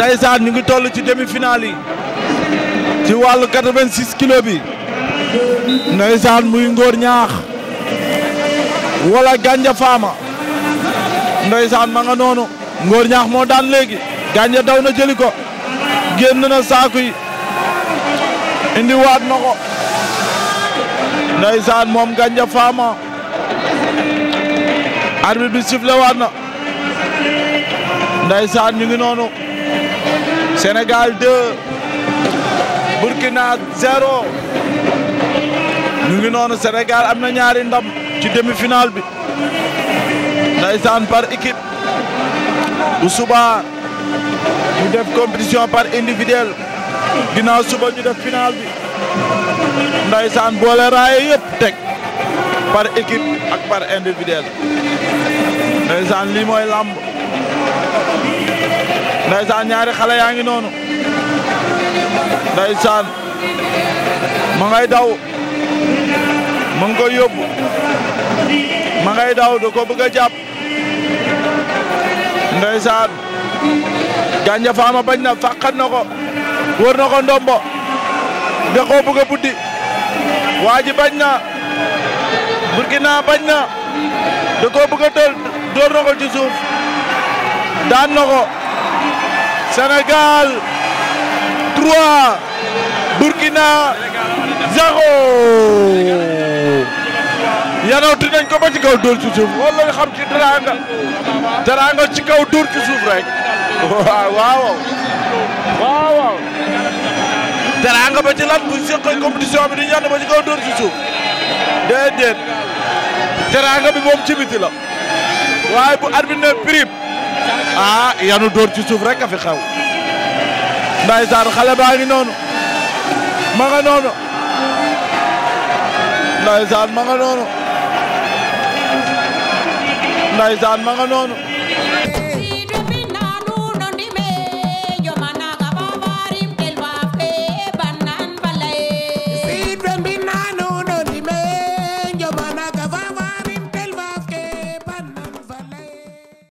ndaysaan ñu ngi toll ci demi finaal yi ci wàllu 86 kilo bi ndaysaan muy ngóor ñaax wala gànja faama ndaysaan ma nga noonu ngóor ñaax moo daan léegi gànja daw na jëli ko génn na saaku yi indi waat na ko ndaysaan moom gànja faama arbitre bi sifle waat na ndaysaan ñu ngi noonu Sénégal 2 Burkina 0 ñu ngi noonu Sénégal am na ñaari ndam ci demi-finale bi ndaysaan par équipe bu suba ñu def compétition par individuel ginnaaw suba ñu def finale bi ndaysaan boole raaye yëpp teg par équipe ak par individuel ndaysaan lii làmb ndaysaan ñaari xale yaa ngi noonu ndaysaan ma ngay daw ma ngi koy yóbbu ma ngay daw da ko bëgg a jàpp faama bañ na fàqat na ko wër na ko ndombo da ko bañ na burkina bañ na da ko bëgg a dóor daan na ko Sénégal 3 Burkina 0 yanawti nañ ko ba ci kaw dóor ci suuf wala nga xam ci teraanga teraanga ci kaw dóor ci suuf rek waaw waaw waaw teraanga ba ci lan bu seqee compétition bi di ñaan ba ci kaw dóor ci suuf déedéet teraanga bi moom ci biti la waaye bu arbitre prime ah yanu dóor ci suuf rek a fi xew ndaysaan xale baa ngi noonu ma nga noonu ndaysaan ma nga noonu ndaysaan ma nga noonu